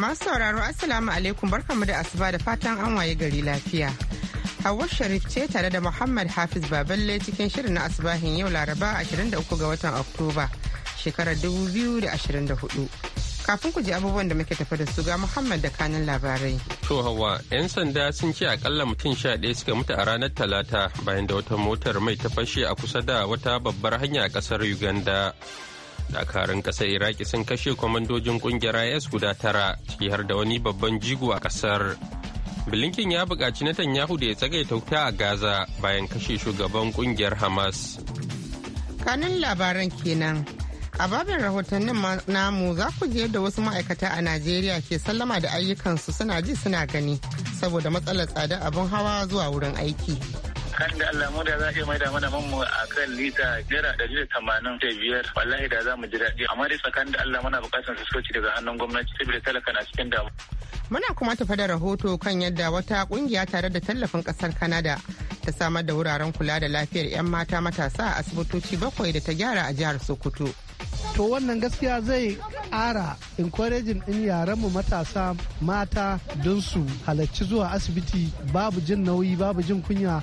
Masu sauraro Assalamu alaikum barkamu da asuba da fatan an waye gari lafiya. Hawwa Sharif ce tare da Muhammad Hafiz Baballe cikin shirin na asubahin yau Laraba 23 ga watan Oktoba shekarar 2024. Kafin ku ji abubuwan da muke tafi da su ga Muhammad da kanin labarai. To Hawwa, 'yan sanda sun ce akalla mutum sha ɗaya suka mutu a ranar Talata bayan da wata motar mai ta fashe a kusa da wata babbar hanya a ƙasar Uganda. dakarun kasar iraki sun kashe kwamandojin kungiyar is guda tara ciki har da wani babban jigo a kasar bilinkin ya buƙaci netanyahu da ya tsagaita wuta a gaza bayan kashe shugaban kungiyar hamas kanun labaran kenan a babin rahotannin namu za ku je da wasu ma'aikata a najeriya ke sallama da ayyukansu suna ji suna gani saboda matsalar tsada abin hawa zuwa wurin aiki kan da Allah mu da za a iya maida mana man mu a kan lita naira ɗari da tamanin da biyar wallahi da za mu ji daɗi amma dai tsakan da Allah muna buƙatar su soci daga hannun gwamnati saboda talaka na cikin damu. Muna kuma tafa da rahoto kan yadda wata kungiya tare da tallafin kasar Kanada ta samar da wuraren kula da lafiyar 'yan mata matasa a asibitoci bakwai da ta gyara a jihar Sokoto. to wannan gaskiya zai ƙara encouraging in mu matasa mata don su halarci zuwa asibiti babu jin nauyi babu jin kunya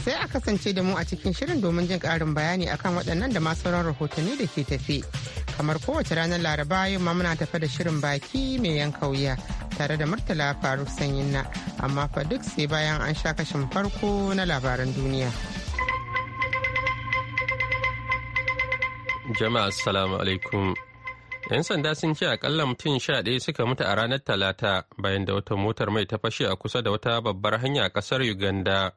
sai a kasance da mu a cikin shirin domin jin karin bayani akan waɗannan da masu sauran rahotanni da ke tafi kamar kowace ranar laraba yau ma muna tafe da shirin baki mai yanka wuya tare da murtala faruk sanyin na amma fa duk sai bayan an sha kashin farko na labaran duniya jama'a assalamu alaikum 'yan sanda sun ce akalla mutum sha ɗaya suka mutu a ranar talata bayan da wata motar mai ta fashe a kusa da wata babbar hanya a ƙasar uganda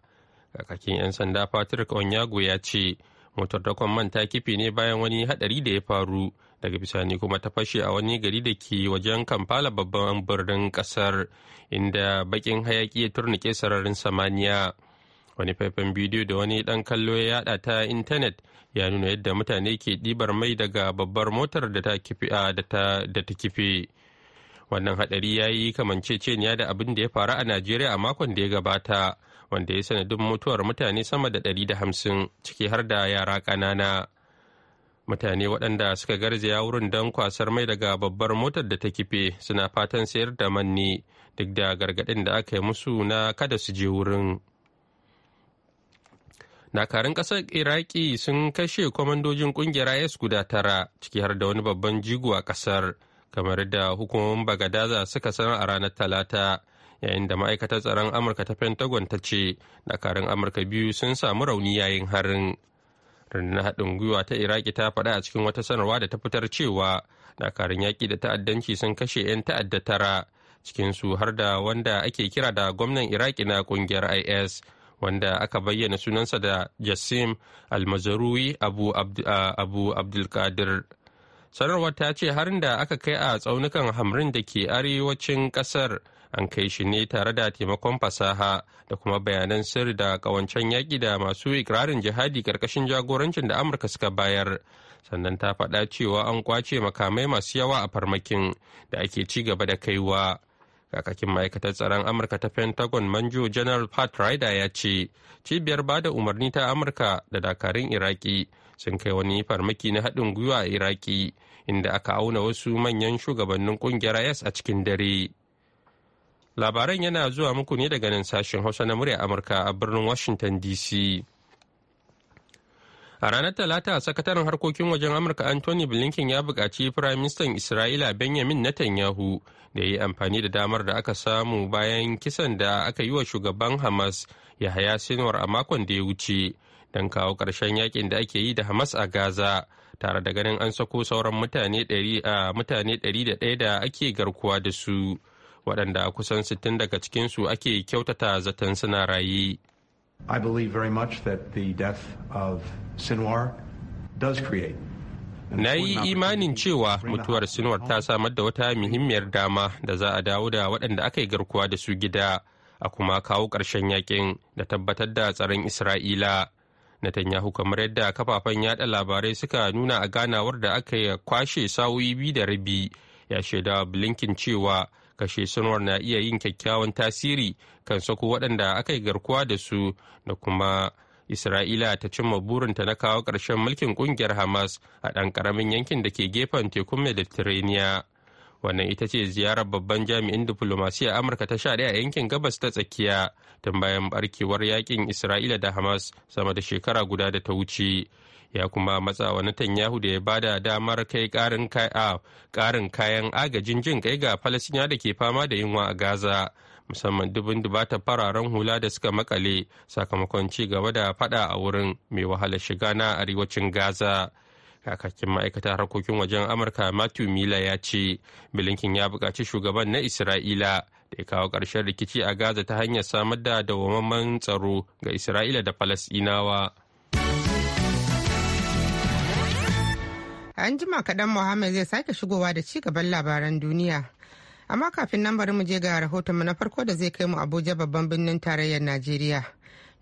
kakakin 'yan sanda patrick onyago ya ce motar dakon man ta kife ne bayan wani hadari da ya faru daga bisani kuma ta fashe a wani gari da ke wajen kamfala babban birnin kasar inda bakin hayaki ya turnike sararin samaniya wani faifan bidiyo da wani dan kallo ya yada ta intanet ya nuna yadda mutane ke ɗibar mai daga babbar motar da ta kife wannan hadari ya yi kamanceceniya da abin da ya faru a najeriya a makon da ya gabata wanda ya sanadin mutuwar mutane sama da ɗari da hamsin ciki har da yara ƙanana. Mutane waɗanda suka garzaya wurin don kwasar mai daga babbar motar da ta kife suna fatan sayar da manni duk da gargaɗin da aka yi musu na kada su je wurin. dakarun ƙasar iraki sun kashe kwamandojin ƙungiyar is guda tara ciki har da wani babban jigo a ƙasar kamar da hukumomin bagadaza suka sanar a ranar talata yayin da ma'aikatar tsaron amurka ta pentagon ta ce dakarun amurka biyu sun samu rauni yayin harin rundunar haɗin gwiwa ta iraki ta faɗa a cikin wata sanarwa da ta fitar cewa dakarun yaƙi da ta'addanci sun kashe 'yan ta'adda tara cikinsu har da wanda ake kira da gwamnan iraki na ƙungiyar is wanda aka bayyana sunansa da jassim almazarui abu, abu abdulkadir sanarwar ta ce harin da aka kai a tsaunukan hamrin da ke arewacin ƙasar an kai shi ne tare da taimakon fasaha da kuma bayanan sirri da kawancen yaƙi da masu ikirarin jihadi ƙarƙashin jagorancin da amurka suka bayar sannan ta faɗa cewa an kwace makamai masu yawa a farmakin da ake ci gaba da kaiwa kakakin ma'aikatar tsaron amurka ta pentagon manjo general pat ryder ya ce cibiyar ba da umarni ta amurka da dakarun iraki sun kai wani farmaki na haɗin gwiwa a iraki inda aka auna wasu manyan shugabannin ƙungiyar is a cikin dare Labaran yana zuwa muku ne daga nan sashen Hausa na murya Amurka a birnin Washington DC. A ranar Talata, sakataren harkokin wajen Amurka Anthony Blinken ya buƙaci Firaministan Isra'ila Benjamin Netanyahu da ya yi amfani da damar da aka samu bayan kisan da aka yi wa shugaban Hamas Yahaya sinuwar a makon da ya wuce don kawo karshen yakin da ake yi da Hamas a Gaza. tare da ganin an sako sauran mutane 100 a mutane ɗari da da ake garkuwa da su. waɗanda kusan 60 daga cikinsu ake kyautata zaton suna raye. I believe very much that the death of Sinwar does create Na yi imanin cewa mutuwar Sinwar ta samar da wata muhimmiyar dama da za a dawo da waɗanda aka yi garkuwa da su gida a kuma kawo ƙarshen yakin da tabbatar da tsaron Isra'ila. Netanyahu kamar yadda kafafen yada labarai suka nuna a ganawar da aka kwashe sa'o'i biyu da rabi ya shaida Blinken cewa kashe sanwar na iya yin kyakkyawan tasiri kan sako waɗanda aka yi garkuwa da su da kuma isra'ila ta cimma burinta na kawo ƙarshen mulkin ƙungiyar hamas a ɗan ƙaramin yankin da ke gefen tekun mediterranean wannan ita ce ziyarar babban jami'in diflomasiya amurka ta sha a yankin gabas ta tsakiya tun bayan barkewar yakin isra'ila da hamas sama da shekara guda da ta wuce ya kuma matsa wa Netanyahu da ya bada damar kai karin kayan agajin jin kai ga Falasina da ke fama da yunwa a Gaza. musamman dubin dubata fararen hula da suka makale sakamakon ci gaba da fada a wurin mai wahalar shiga na arewacin gaza kakakin ma'aikatar harkokin wajen amurka matthew miller ya ce bilinkin ya buƙaci shugaban na isra'ila da ya kawo ƙarshen rikici a gaza ta hanyar samar da dawwammamen tsaro ga isra'ila da falasɗinawa An jima kaɗan Muhammad zai sake shigowa da ci gaban labaran duniya. Amma kafin nan bari mu je ga rahotonmu na farko da zai kai mu Abuja babban birnin tarayyar Najeriya.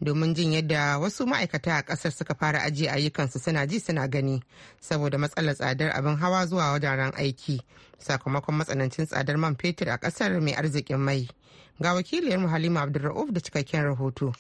Domin jin yadda wasu ma'aikata a ƙasar suka fara ajiye ayyukansu suna ji suna gani saboda matsalar tsadar abin hawa zuwa wajen aiki sakamakon matsanancin tsadar man fetur a ƙasar mai arzikin mai. Ga wakiliyar Halima Abdulra'uf da cikakken rahoto.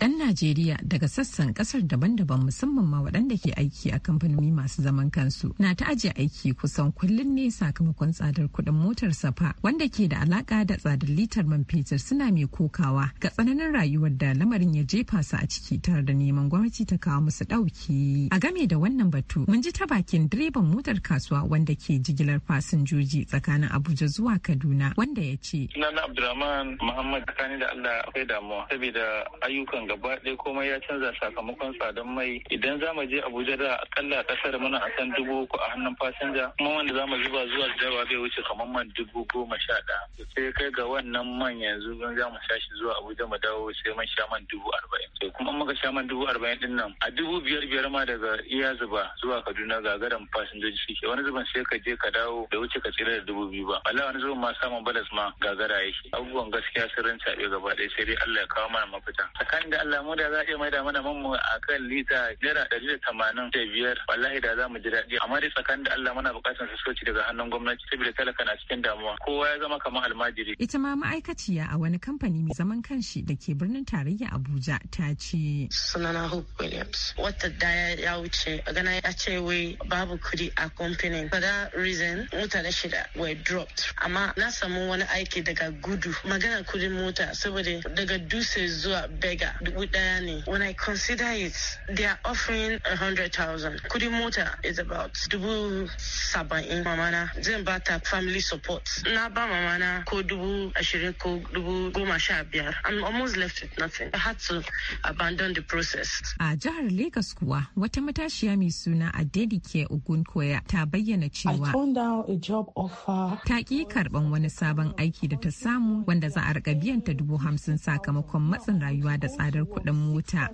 ɗan Najeriya daga sassan ƙasar daban-daban musamman ma waɗanda ke aiki a kamfanoni masu zaman kansu na ta ajiye aiki kusan kullum ne sakamakon tsadar kuɗin motar safa wanda ke da alaƙa da tsadar litar man fetur suna mai kokawa ga tsananin rayuwar da lamarin ya jefa su a ciki tare da neman gwamnati ta kawo musu ɗauki. A game da wannan batu mun ji ta bakin direban motar kasuwa wanda ke jigilar fasinjoji tsakanin Abuja zuwa Kaduna wanda ya ce. Sunana Abdulrahman Muhammad tsakanin da Allah akwai damuwa saboda ayyukan gaba ɗaya komai ya canza sakamakon tsadan mai idan za mu je abuja da akalla kasar muna a kan dubu uku a hannun fasinja kuma wanda za mu zuba zuwa jawa bai wuce kamar man dubu goma sha ɗaya sai kai ga wannan man yanzu don za mu sha shi zuwa abuja mu dawo sai man sha man dubu arba'in sai kuma muka sha man dubu arba'in din nan a dubu biyar biyar ma daga iya zuba zuwa kaduna gagaran fasinjoji suke wani zuban sai ka je ka dawo da wuce ka tsira da dubu biyu ba wala wani zuban ma samun balas ma gagara yake abubuwan gaskiya sun caɓe gaba ɗaya sai dai allah ya kawo mana mafita tsakanin da Allah mu da za a iya maida mana man mu a kan lita naira ɗari da tamanin da biyar wallahi da za mu ji daɗi amma dai tsakanin da Allah muna buƙatar sassauci daga hannun gwamnati saboda talaka na cikin damuwa kowa ya zama kamar almajiri. Ita ma ma'aikaciya a wani kamfani mai zaman kanshi da ke birnin tarayya Abuja ta ce. Sunana Hope Williams. Wata daya ya wuce gana ya ce wai babu kudi a kamfanin. For that reason mutane shida were dropped. Amma na samu wani aiki daga gudu magana kuɗin mota saboda daga dutse zuwa bega dubu daya ne when i consider it they are offering a hundred thousand kudin mota is about dubu saba'in mamana zan ba ta family support na ba mamana ko dubu ashirin ko dubu goma sha biyar i'm almost left with nothing i had to abandon the process a jihar lagos kuwa wata matashiya mai suna adedike ogun koya ta bayyana cewa ta ki karban wani sabon aiki da ta samu wanda za a rika biyan ta dubu hamsin sakamakon matsin rayuwa da tsada tsadar kuɗin mota.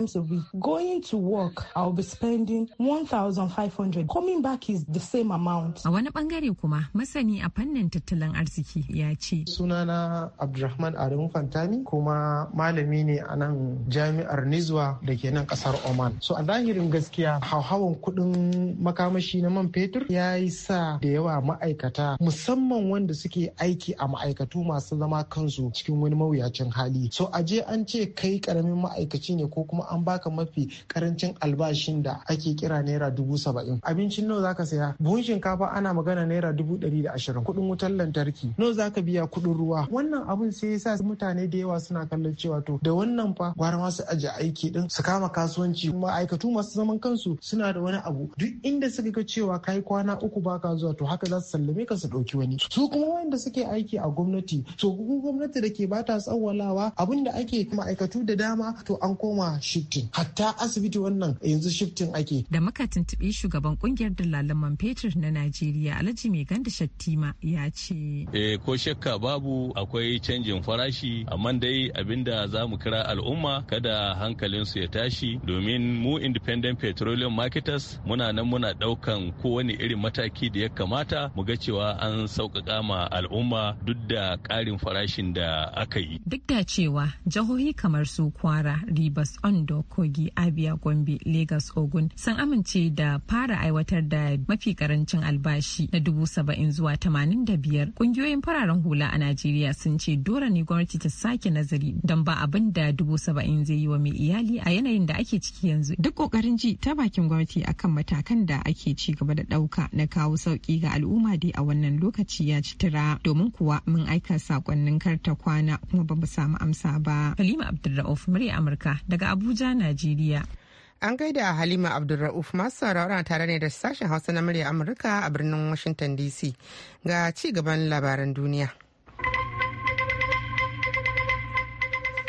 Going to work, be spending 1,500. Coming back is the same amount. A wani bangare kuma masani a fannin tattalin arziki ya ce. Sunana Abdulrahman Adamu Fantani kuma malami ne a nan jami'ar Nizwa da ke nan ƙasar Oman. So a zahirin gaskiya hauhawan kuɗin makamashi na man fetur ya yi sa da yawa ma'aikata musamman wanda suke aiki a ma'aikatu masu zama kansu cikin wani mawuyacin hali. So aje an ce kai karamin ma'aikaci ne ko kuma an baka mafi karancin albashin da ake kira naira dubu saba'in abincin nawa zaka saya buhun shinkafa ana magana naira dubu ɗari da ashirin kuɗin wutar lantarki nawa zaka biya kuɗin ruwa wannan abun sai yasa mutane da yawa suna kallon cewa to da wannan fa gwara ma su aji aiki din su kama kasuwanci ma'aikatu masu zaman kansu suna da wani abu duk inda suka ga cewa kai kwana uku baka zuwa to haka za su sallame ka su ɗauki wani su kuma wanda suke aiki a gwamnati to gwamnati da ke bata tsawwalawa abin da ake ma'aikatu da dama to an koma shifting hatta asibiti wannan yanzu shifting ake da muka tuntubi shugaban kungiyar dalalan man fetur na Najeriya Alhaji Mai Ganda Shattima ya ce eh ko shakka babu akwai canjin farashi amma dai abinda za mu kira al'umma kada hankalin su ya tashi domin mu independent petroleum marketers muna nan muna daukan kowane irin mataki da ya kamata mu ga cewa an sauƙaƙa ma al'umma duk da ƙarin farashin da aka yi duk da cewa jihohi kamar su kwara Zamfara, Ribas, Ondo, Kogi, Abia, Gombe, Lagos, Ogun sun amince da fara aiwatar da mafi karancin albashi na dubu saba'in zuwa tamanin da biyar. Kungiyoyin fararen hula a Najeriya sun ce dole ne gwamnati ta sake nazari don ba abin da dubu saba'in zai yi wa mai iyali a yanayin da ake ciki yanzu. Duk kokarin ji ta bakin gwamnati akan matakan da ake ci gaba da ɗauka na kawo sauki ga al'umma dai a wannan lokaci ya ci tura domin kuwa mun aika sakonnin karta kwana kuma ba mu samu amsa ba. Halima Abdulrauf murya Amurka daga Abuja, Najeriya. An gaida Halima Abdulra'uf masu saurara tare ne da sashen Hausa na murya Amurka a birnin Washington DC ga ci gaban labaran duniya.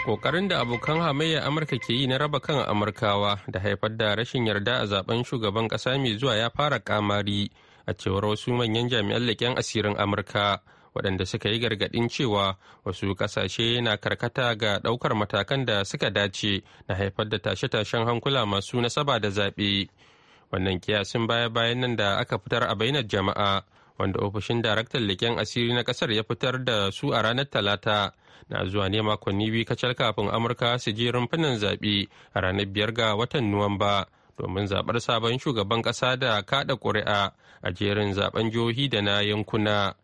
Ƙoƙarin da abokan hamayya Amurka ke yi na raba kan Amurkawa da haifar da rashin yarda a zaben shugaban ƙasa mai zuwa ya fara kamari a cewar wasu manyan jami'an leƙen asirin Amurka. waɗanda suka yi gargaɗin cewa wasu ƙasashe na karkata ga ɗaukar matakan da suka dace na haifar da tashe-tashen hankula masu nasaba da zaɓe. Wannan kiyasin baya-bayan nan da aka fitar a bainar jama'a wanda ofishin daraktan leƙen asiri na ƙasar ya fitar da su a ranar talata na zuwa ne makonni biyu kacal kafin amurka su je rumfunan zaɓe a ranar biyar ga watan nuwamba domin zaɓar sabon shugaban ƙasa da kaɗa ƙuri'a a jerin zaɓen jihohi da na yankuna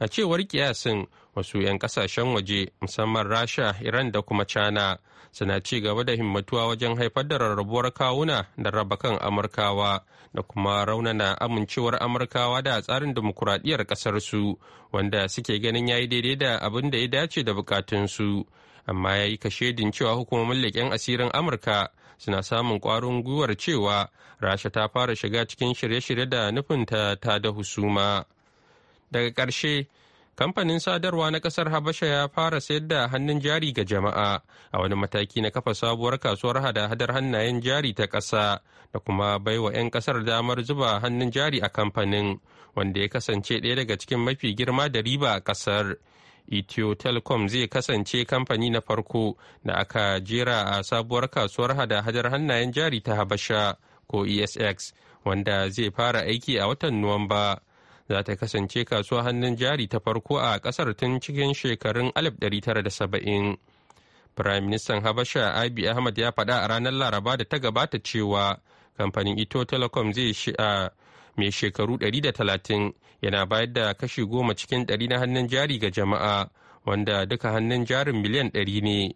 a cewar kiyasin wasu 'yan kasashen waje musamman rasha iran da kuma china suna ci gaba da himmatuwa wajen haifar da rarrabuwar kawuna da raba kan amurkawa da kuma raunana amincewar amurkawa da tsarin dimokuraɗiyyar ƙasarsu wanda suke ganin ya yi daidai da abin da ya dace da bukatunsu amma ya yi kashedin cewa hukumomin leƙen asirin amurka suna samun ƙwarin gwiwar cewa rasha ta fara shiga cikin shirye-shirye da nufinta ta da husuma. daga ƙarshe kamfanin sadarwa na ƙasar habasha ya fara sayar da hannun jari ga jama'a a wani mataki na kafa sabuwar kasuwar hada-hadar hannayen jari ta ƙasa da kuma baiwa 'yan ƙasar damar zuba hannun jari a kamfanin wanda ya kasance ɗaya daga cikin mafi girma da riba a ƙasar Ethio Telecom zai kasance kamfani na farko da aka jera a sabuwar kasuwar hada-hadar hannayen jari ta Habasha ko ESX wanda zai fara aiki a watan Nuwamba. za ta kasance kasuwa hannun jari ta farko a kasar tun cikin shekarun 1970 firayim ministan habasha abi ahmad ya faɗa a ranar laraba da ta gabata cewa kamfanin ito telecom zai shi'a mai shekaru 130 yana bayar da kashi goma cikin 100 na hannun jari ga jama'a wanda duka hannun jarin miliyan 100 ne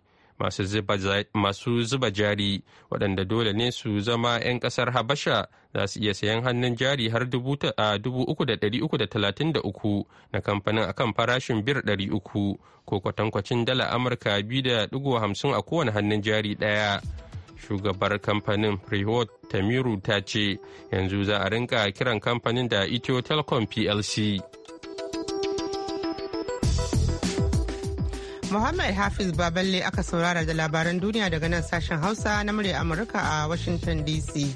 masu zuba jari waɗanda dole ne su zama 'yan ƙasar habasha za su iya sayan hannun jari har 3,333 na kamfanin akan farashin bir 300 ko kwatankwacin dala amurka 2.50 a kowane hannun jari ɗaya shugabar kamfanin prihot tamiru ta ce yanzu za a rinka kiran kamfanin da ethio telecom plc Muhammad Hafiz Baballe aka saurara da labaran duniya daga nan sashen Hausa na murya Amurka a Washington DC.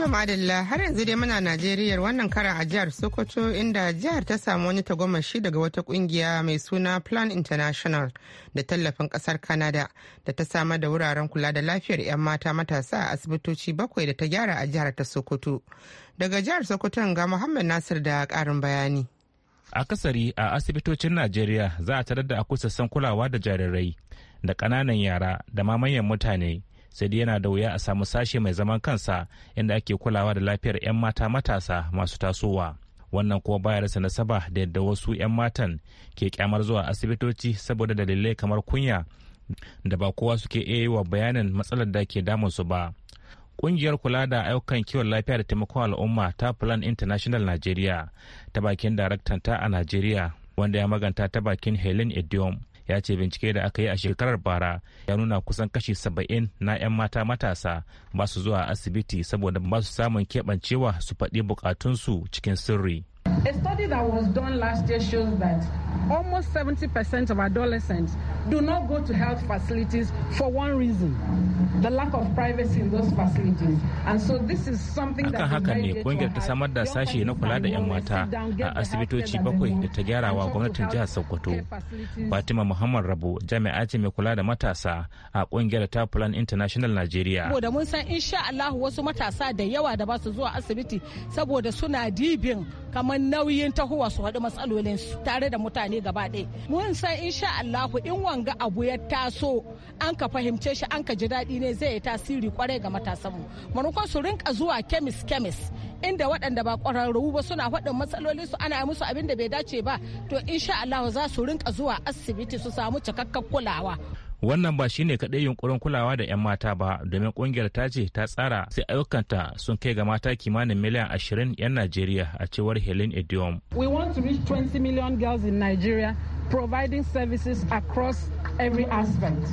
To madalla har yanzu dai muna Najeriya wannan kara a jihar Sokoto inda jihar ta samu wani tagomashi daga wata kungiya mai suna Plan International da tallafin kasar Canada da ta samar da wuraren kula da lafiyar 'yan mata matasa a asibitoci bakwai da ta gyara a jihar ta Sokoto. Daga jihar sokoto ga Muhammad Nasir da karin bayani. Akasari a asibitocin Najeriya za a tarar da akusassan kulawa da jarirai da kananan yara da ma manyan mutane. sai dai yana da wuya a samu sashe mai zaman kansa inda ake kulawa da lafiyar 'yan mata matasa masu tasowa wannan kuma baya rasa nasaba da yadda wasu 'yan matan ke kyamar zuwa asibitoci saboda dalilai kamar kunya da ba kowa suke iya yi wa bayanin matsalar da ke su ba ƙungiyar kula da ayyukan kiwon lafiya da taimakon al'umma ta plan international nigeria ta bakin daraktanta a nigeria wanda ya maganta ta bakin helen idiom ya ce bincike da aka yi a shekarar bara ya nuna kusan kashi saba'in na 'yan mata matasa ba su zuwa asibiti saboda ba su samun keɓancewa su faɗi bukatunsu cikin sirri A study that was done last year shows that almost 70% of adolescents do not go to health facilities for one reason the lack of privacy in those facilities and so this is something akan haka ne kungiyar ta samar da sashe na kula da 'yan mata a asibitoci bakwai da ta gyara wa gwamnatin jihar sokoto fatima muhammad Rabu, jami'a ce mai kula da matasa a kungiyar ta plan international nigeria saboda mun san insha Allah wasu matasa da yawa da ba su zuwa asibiti saboda suna dibin kamar kuma nauyin tahowa su haɗu matsalolin tare da mutane gaba ɗaya mun san insha Allahu in wanga abu ya taso an ka fahimce shi an ka ji daɗi ne zai yi tasiri kwarai ga matasanmu maimakon su rinka zuwa kemis kemis inda waɗanda ba ƙwararru ba suna faɗin matsalolin su ana musu abin da bai dace ba to insha Allahu za su rinka zuwa asibiti su samu cikakken kulawa wannan ba shine kaɗai yunkurin kulawa da 'yan mata ba domin ƙungiyar ta ce ta tsara sai ayyukanta sun kai ga mata kimanin miliyan 20 'yan najeriya a cewar helen idiom we want to reach 20 million girls in nigeria providing services across every aspect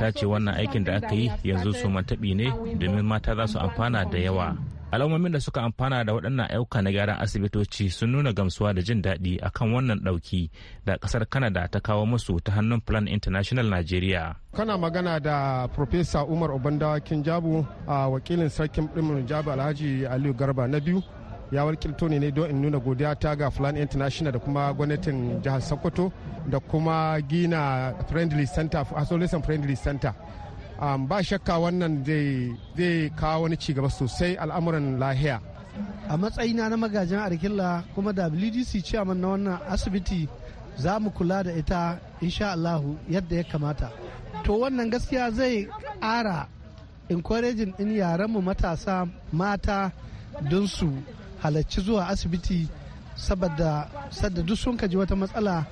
ta ce wannan aikin da aka yi yanzu su mantaɓi ne domin mata za su amfana da yawa al'ummomin da suka amfana da waɗannan ayyuka na gyaran asibitoci sun nuna gamsuwa da jin daɗi akan wannan ɗauki da ƙasar canada ta kawo musu ta hannun plan international nigeria kana magana da profesa umar obandawa kinjabu a wakilin sarkin ɗimin jabu alhaji aliyu garba na biyu ya wakilto ne don in nuna godiya ta ga plan international da kuma gwamnatin jihar sokoto da kuma gina friendly center isolation friendly center ba shakka wannan zai kawo wani cigaba sosai al'amuran lahiya a matsayina na magajin arkilla kuma wdc chairman na wannan asibiti za mu kula da ita insha allahu yadda ya kamata to wannan gaskiya zai ƙara encouraging ɗin mu matasa mata don su halarci zuwa asibiti saboda duk sun kaji wata matsala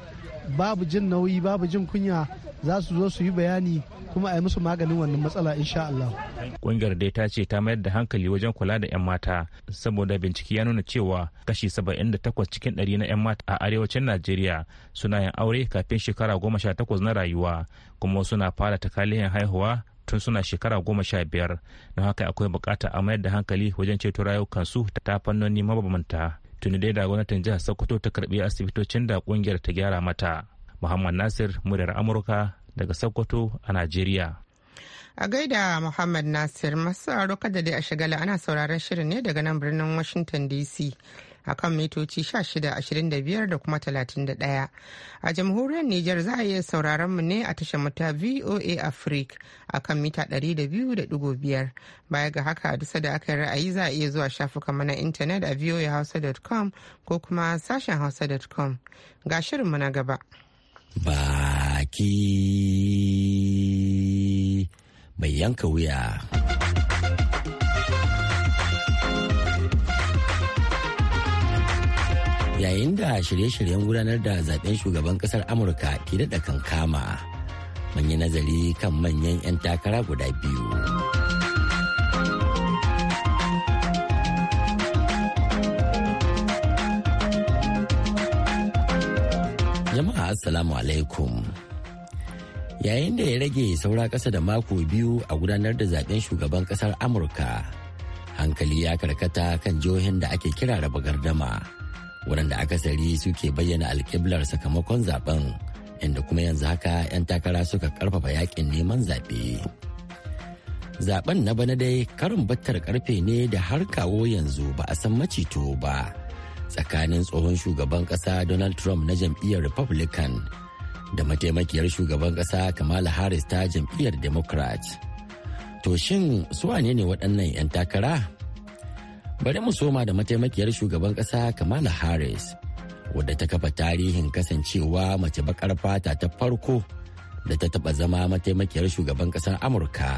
babu jin nauyi babu jin kunya za su zo su yi bayani kuma a yi musu maganin wannan matsala insha Allah. Ƙungiyar dai ta ce ta mayar da hankali wajen kula da 'yan mata saboda bincike ya nuna cewa kashi 78 cikin 100 na 'yan mata a arewacin Najeriya suna yin aure kafin shekara 18 na rayuwa kuma suna fara takalihin haihuwa tun suna shekara goma sha biyar don haka akwai bukata a mayar da hankali wajen ceto rayukansu ta fannoni mabambanta tuni dai da gwamnatin jihar sokoto ta karbi asibitocin da kungiyar ta gyara mata muhammad nasir muryar amurka daga Sokoto a Najeriya. A gaida Muhammad Nasir masu sauraro kada dai a shagala ana sauraron shirin ne daga nan birnin Washington DC a kan mitoci 1625 da kuma 31. A jamhuriyar Nijar za a iya sauraron mu ne a tashar mata VOA Africa a kan mita 200.5. Baya ga haka a dusa da aka yi ra'ayi za a iya zuwa shafukan na intanet a voahausa.com ko kuma sashen hausa.com. Ga shirin mu na gaba. Ba. baki mai yanka wuya. Yayin da shirye-shiryen gudanar da zaben shugaban kasar Amurka ke daɗa kankama, mun yi nazari kan manyan 'yan takara guda biyu. Jama'a Assalamu alaikum. yayin da ya rage saura ƙasa da mako biyu a gudanar da zaben shugaban ƙasar amurka hankali ya karkata kan jihohin da ake kira raba gardama waɗanda akasari suke bayyana alƙiblar sakamakon zaben inda kuma yanzu haka 'yan takara suka ƙarfafa yakin neman zaɓe. Zaben na bana dai karin battar karfe ne da har kawo yanzu ba a san macito ba tsakanin tsohon shugaban ƙasa Donald Trump na jam'iyyar Republican da mataimakiyar shugaban kasa Kamala Harris ta jam'iyyar Democrat. To shin su wane ne waɗannan 'yan takara? Bari mu soma da mataimakiyar shugaban kasa Kamala Harris, wadda ta kafa tarihin kasancewa mace baƙar fata ta farko da ta taba zama mataimakiyar shugaban ƙasar Amurka.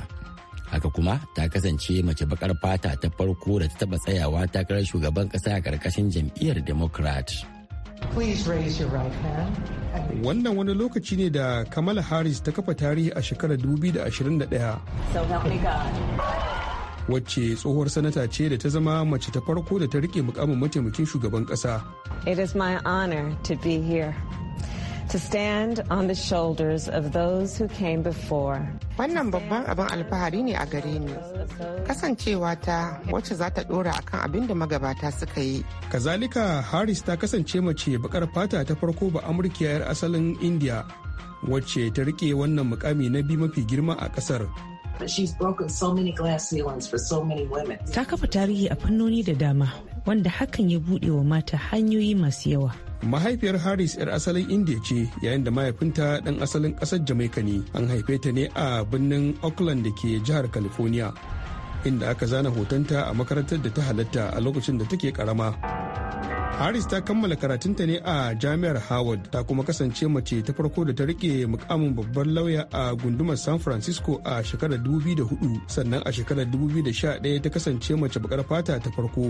Haka kuma ta kasance mace baƙar fata ta farko da ta taba tsayawa takarar shugaban ƙasa a ƙarƙashin jam'iyyar Democrat. Wannan wani lokaci ne da Kamala Harris ta kafa tarihi a shekarar 2021. Wacce tsohuwar sanata ce da ta zama mace ta farko da ta rike mukamin mataimakin shugaban kasa. It is my honor to be here. to stand on the shoulders of those who came before. Wannan babban abin alfahari ne a gare ni. Kasancewa ta wacce za ta dora akan abin da magabata suka yi. Kazalika Harris ta kasance mace bakar fata ta farko ba Amurkiya 'yar asalin India wacce ta rike wannan mukami na biyu mafi girma a kasar. But she's broken so many glass ceilings for so many women. Ta kafa tarihi a fannoni da dama wanda hakan ya buɗe wa mata hanyoyi masu yawa. mahaifiyar harris 'yar asalin india ce yayin da mahaifinta ɗan asalin ƙasar jamaika ne an haife ta ne a birnin auckland da ke jihar california inda aka zana hotonta a makarantar da ta halatta a lokacin da take karama Harris ta kammala karatunta ne a Jami'ar Howard ta kuma kasance mace ta farko da ta rike mukamin babban lauya a gundumar San Francisco a shekarar 2004 sannan a shekarar 2011 ta kasance mace bakar fata ta farko.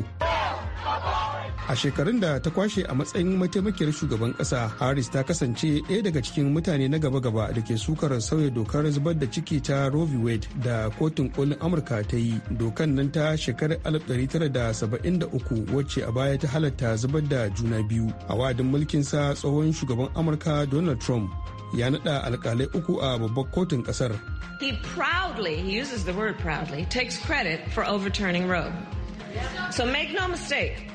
a shekarun da ta kwashe a matsayin mataimakiyar shugaban kasa harris ta kasance ɗaya daga cikin mutane na gaba-gaba da ke sukar sauya dokar zubar da ciki ta roe v wade da kotun kolin amurka ta yi dokan nan ta shekarar 1973 wacce a baya ta halatta zubar da juna biyu a wa'adin sa tsohon shugaban amurka donald trump ya naɗa alkalai uku a babbar kotun ƙasar. He proudly, he uses the word proudly, takes credit for overturning Roe. So make no mistake,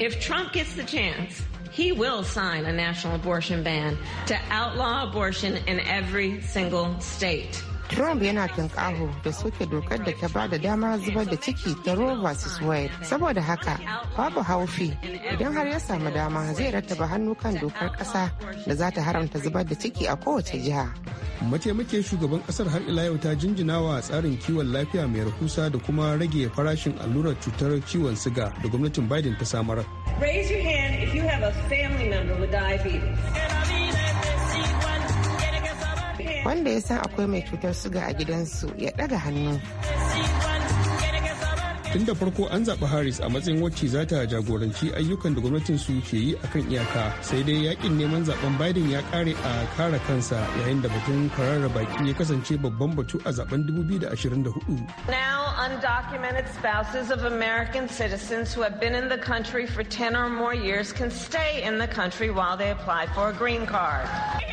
If Trump gets the chance, he will sign a national abortion ban to outlaw abortion in every single state. Trump yana tunƙaho da soke dokar da ta ba da dama zubar da ciki ta Roe vs. Wade. Saboda haka, babu haufi idan har ya samu dama zai rattaba hannu kan dokar kasa da za ta haramta zubar da ciki a kowace jiha. Mataimake shugaban kasar har ila yau ta jinjina wa tsarin kiwon lafiya mai rahusa da kuma rage farashin allurar cutar ciwon siga da gwamnatin Biden ta samar. Raise your hand if you have a family member with diabetes. wanda ya san akwai mai cutar suga a gidansu ya ɗaga hannu tun da farko an zaɓi harris a matsayin wacce za ta jagoranci ayyukan da gwamnatin su ke yi a kan iyaka sai dai yakin neman zaben biden ya kare a kare kansa yayin da batun kararra baki ya kasance babban batu a zaben 2024 now undocumented spouses of american citizens who have been in the country for 10 or more years can stay in the country while they apply for a green card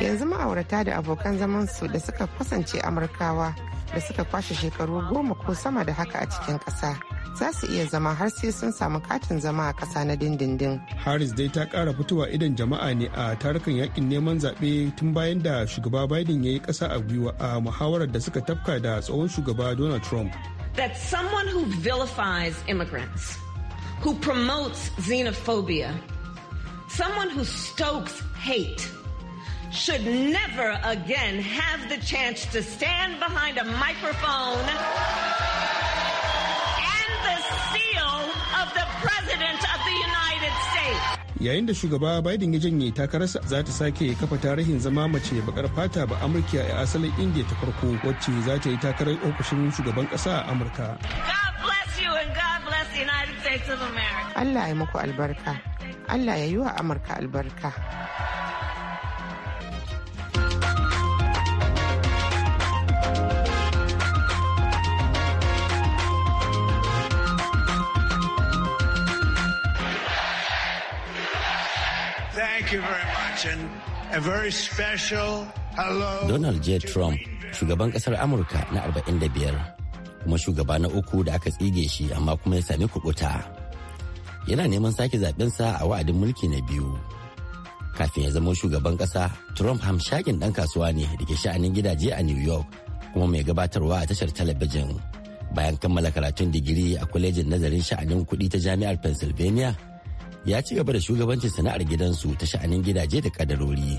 yanzu ma'aurata da abokan zamansu da suka kasance amurkawa da suka kwashe shekaru goma ko sama da haka a cikin ƙasa za su iya zama har sai sun samu katin zama a ƙasa na dindindin. Harris dai ta ƙara fitowa idan jama'a ne a tarukan yakin neman zaɓe tun bayan da shugaba Biden ya yi ƙasa a gwiwa a muhawarar da suka tafka da tsohon shugaba Donald Trump. That someone who vilifies immigrants, who promotes xenophobia, someone who stokes hate, should never again have the chance to stand behind a microphone and the seal of the President of the United States. Yayin da shugaba Biden ya janye takararsa za ta sake kafa tarihin zama mace bakar fata ba Amurka a asalin Indiya ta farko wacce za ta yi takarar ofishin shugaban ƙasa a Amurka. Allah ya muku albarka. Allah ya yi wa Amurka albarka. very much. And a Donald J. Trump, shugaban kasar Amurka na 45, kuma shugaba na uku da aka tsige shi amma kuma ya sami kubuta. Yana neman sake zaɓensa a wa'adin mulki na biyu. Kafin ya zama shugaban ƙasa, Trump hamshakin ɗan kasuwa ne da ke sha'anin gidaje a New York kuma mai gabatarwa a tashar talabijin. Bayan kammala karatun digiri a kwalejin nazarin sha'anin kuɗi ta jami'ar Pennsylvania, ya ci gaba da shugabancin sana'ar gidansu ta sha'anin gidaje da kadarori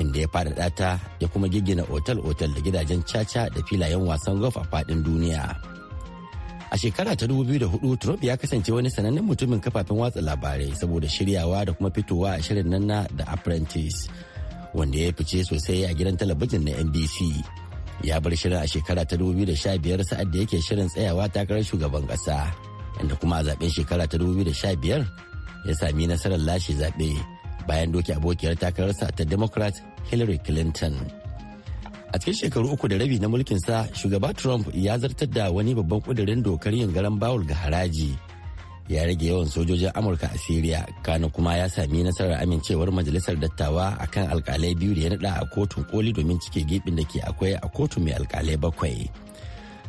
inda ya faɗaɗa ta ya kuma giggina otal-otal da gidajen caca da filayen wasan golf a faɗin duniya. A shekara ta 2004 Trump ya kasance wani sanannen mutumin kafafen watsa labarai saboda shiryawa da kuma fitowa a shirin nan na The Apprentice wanda ya fice sosai a gidan talabijin na NBC. Ya bar shirin a shekara ta 2015 sa'ad da yake shirin tsayawa takarar shugaban kasa inda kuma a zaben shekara ta 2015 ya sami nasarar lashe zaɓe bayan doki abokiyar takararsa ta democrat hillary clinton a cikin shekaru uku da rabi na mulkinsa shugaba trump ya zartar da wani babban kudirin dokar yin garan bawul ga haraji ya rage yawan sojojin amurka a syria kano kuma ya sami nasarar amincewar majalisar dattawa a kan alkalai biyu da ya nada a kotun koli domin cike gibin da ke akwai a kotun mai alkalai bakwai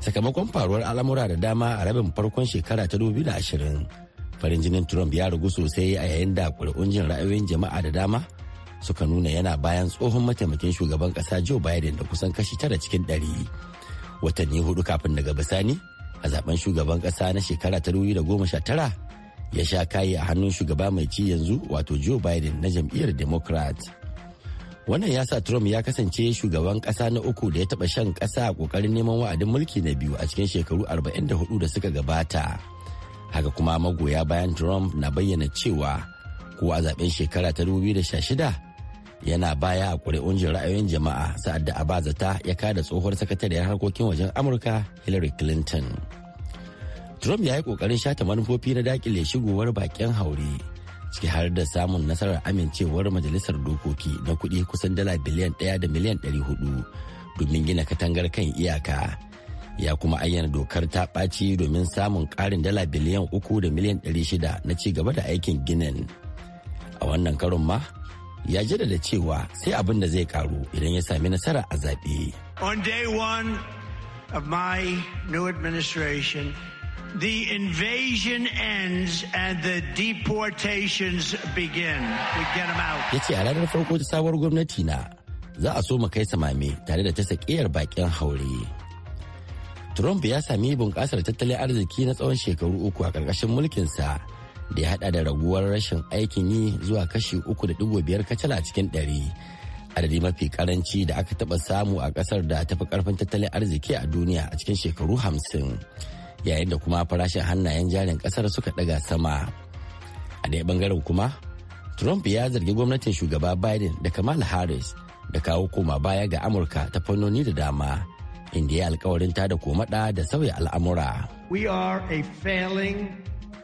sakamakon faruwar al'amura da dama a rabin farkon shekara ta 2020 farin jinin trump ya ragu sosai a yayin da ƙuri'un jin ra'ayoyin jama'a da dama suka nuna yana bayan tsohon mataimakin shugaban ƙasa joe biden da kusan kashi tara cikin ɗari watanni hudu kafin daga bisani a zaben shugaban ƙasa na shekara ta da goma sha tara ya sha kayi a hannun shugaba mai ci yanzu wato joe biden na jam'iyyar democrat wannan ya sa trump ya kasance shugaban ƙasa na uku da ya taɓa shan ƙasa a kokarin neman wa'adin mulki na biyu a cikin shekaru arba'in da hudu da suka gabata. haka kuma magoya bayan trump na bayyana cewa kowa zaben shekara ta 2016 yana baya a ƙuri'un jin ra'ayoyin jama'a sa'ad da abazata ya kada tsohuwar sakatariyar harkokin wajen amurka hillary clinton trump ya yi ƙoƙarin shata manufofi na dakile shigowar baƙin haure ciki har da samun nasarar amincewar majalisar dokoki na kuɗi kusan dala biliyan ɗaya da miliyan ɗari hudu domin gina katangar kan iyaka ya kuma ayyana dokar ta ɓaci domin samun ƙarin dala biliyan uku da miliyan ɗari shida na ci gaba da aikin ginin a wannan karon ma ya jaddada cewa sai abin da zai karu idan ya sami nasara a zaɓe. on day one of my new administration the invasion ends and the deportations begin we get them out ya ce a ranar farko ta sabuwar gwamnati na za a so mu kai samame tare da ta sakiyar bakin haure Trump ya sami bunƙasar tattalin arziki na tsawon shekaru uku a ƙarƙashin mulkinsa da ya haɗa da raguwar rashin aikin yi zuwa kashi uku da digo biyar kacala cikin ɗari. Adadi mafi karanci da aka taɓa samu a ƙasar da tafi ƙarfin tattalin arziki a duniya a cikin shekaru hamsin. Yayin da kuma farashin hannayen jarin ƙasar suka ɗaga sama. A ɗaya ɓangaren kuma, Trump ya zargi gwamnatin shugaba Biden da Kamala Harris da kawo koma baya ga Amurka ta fannoni da dama. da ya alkawarin tada komada da sauya al'amura. We are a failing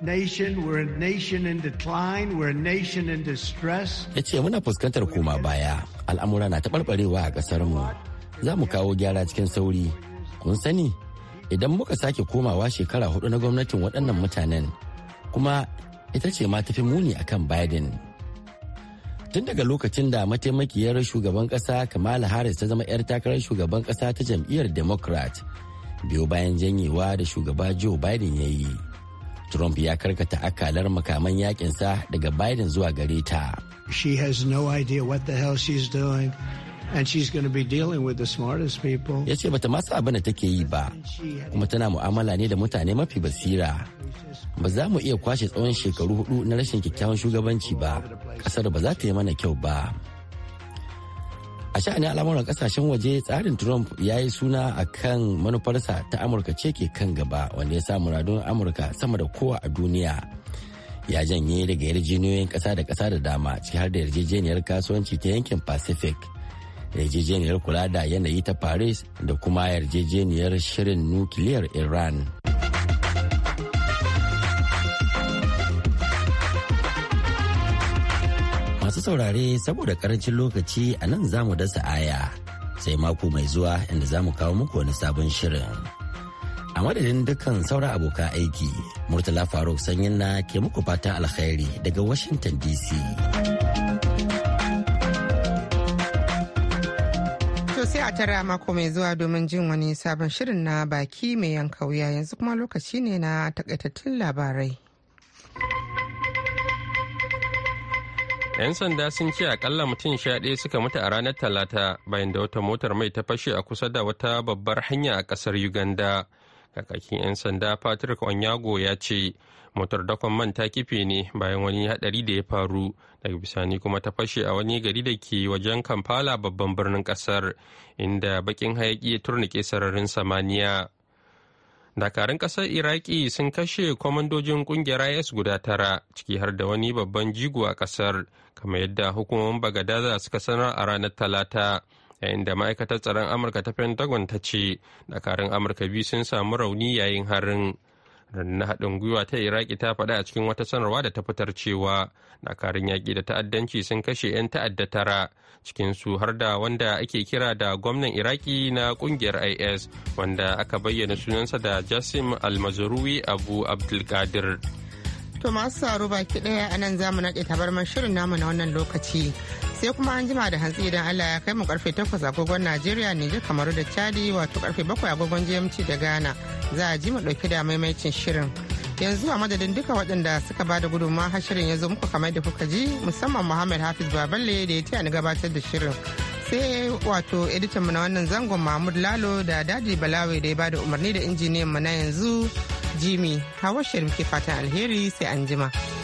nation, we're a nation in decline, we're a nation in distress. Ya ce muna fuskantar koma baya, al'amura na taɓarɓarewa a ƙasarmu. Za mu kawo gyara cikin sauri. Kun sani, idan muka sake komawa shekara hudu na gwamnatin waɗannan mutanen, kuma ita ce ma tafi muni akan Biden. tun daga lokacin da mataimakiyar shugaban kasa kamala harris ta zama 'yar takarar shugaban kasa ta jam'iyyar democrat biyo bayan janyewa da shugaba joe biden ya yi trump ya karkata akalar makaman yakinsa daga biden zuwa gare ta she has no idea what the hell she's doing and she's going to be dealing with Ya ce bata masu abin da take yi ba, kuma tana mu'amala ne da mutane mafi basira. Ba za mu iya kwashe tsawon shekaru hudu na rashin kyakkyawan shugabanci ba, kasar ba za ta yi mana kyau ba. A sha'anin al'amuran kasashen waje tsarin Trump ya yi suna a kan manufarsa ta Amurka ce ke kan gaba wanda ya sa muradun Amurka sama da kowa a duniya. Ya janye daga yarjejeniyoyin kasa da kasa da dama ciki har da yarjejeniyar kasuwanci ta yankin Pacific. yarjejeniyar kula da yanayi ta paris da kuma yarjejeniyar shirin nukiliyar iran masu saurare saboda karancin lokaci a nan za mu dasa aya sai mako mai zuwa inda zamu kawo muku wani sabon shirin a madadin dukkan sauran abokan aiki murtala faruk sanyin na ke muku fatan alkhairi daga washington dc tara mako mai zuwa domin jin wani sabon shirin na baki mai yanka wuya yanzu kuma lokaci ne na takaitattun labarai. 'Yan sanda sun ce akalla mutum sha ɗaya suka mutu a ranar Talata bayan da wata motar mai ta fashe a kusa da wata babbar hanya a ƙasar Uganda. Kakakin 'yan sanda Patrick Onyago ya ce motar dakon man ta kife ne bayan wani hadari da ya faru daga bisani kuma ta fashe a wani gari da ke wajen kampala babban birnin kasar inda bakin hayaki ya turnike sararin samaniya dakarun kasar iraki sun kashe kwamandojin kungiyar is guda tara ciki har da wani babban jigo a kasar kamar yadda hukumomin bagadaza suka sanar a ranar talata yayin da ma'aikatar tsaron amurka ta pentagon ta ce dakarun amurka biyu sun samu rauni yayin harin na haɗin gwiwa ta iraki ta faɗa a cikin wata sanarwa da ta fitar cewa dakarun yaƙi da ta'addanci sun kashe 'yan ta'adda tara su har da wanda ake kira da gwamnan iraki na ƙungiyar is wanda aka bayyana sunansa da jasim almazrui abu abdulkadir To masu saro baki ɗaya a nan zamu tabar man shirin namu na wannan lokaci. Sai kuma an jima da hantsi idan Allah ya kai mu karfe 8 agogon Najeriya Nijar Kamaru da Chadi wato karfe 7 agogon GMT da Ghana. Za a ji mu ɗauki da maimaicin shirin. yanzu a madadin duka waɗanda suka bada gudunmawa har shirin ya zo muku kamar da kuka ji musamman muhammad hafiz baballe da ya tiya ni gabatar da shirin sai wato mu na wannan zangon mahmud lalo da dadi balawe da ya bada umarni da injiniyan mu na yanzu Jimmy, Hawa shirin ke fatan alheri sai anjima.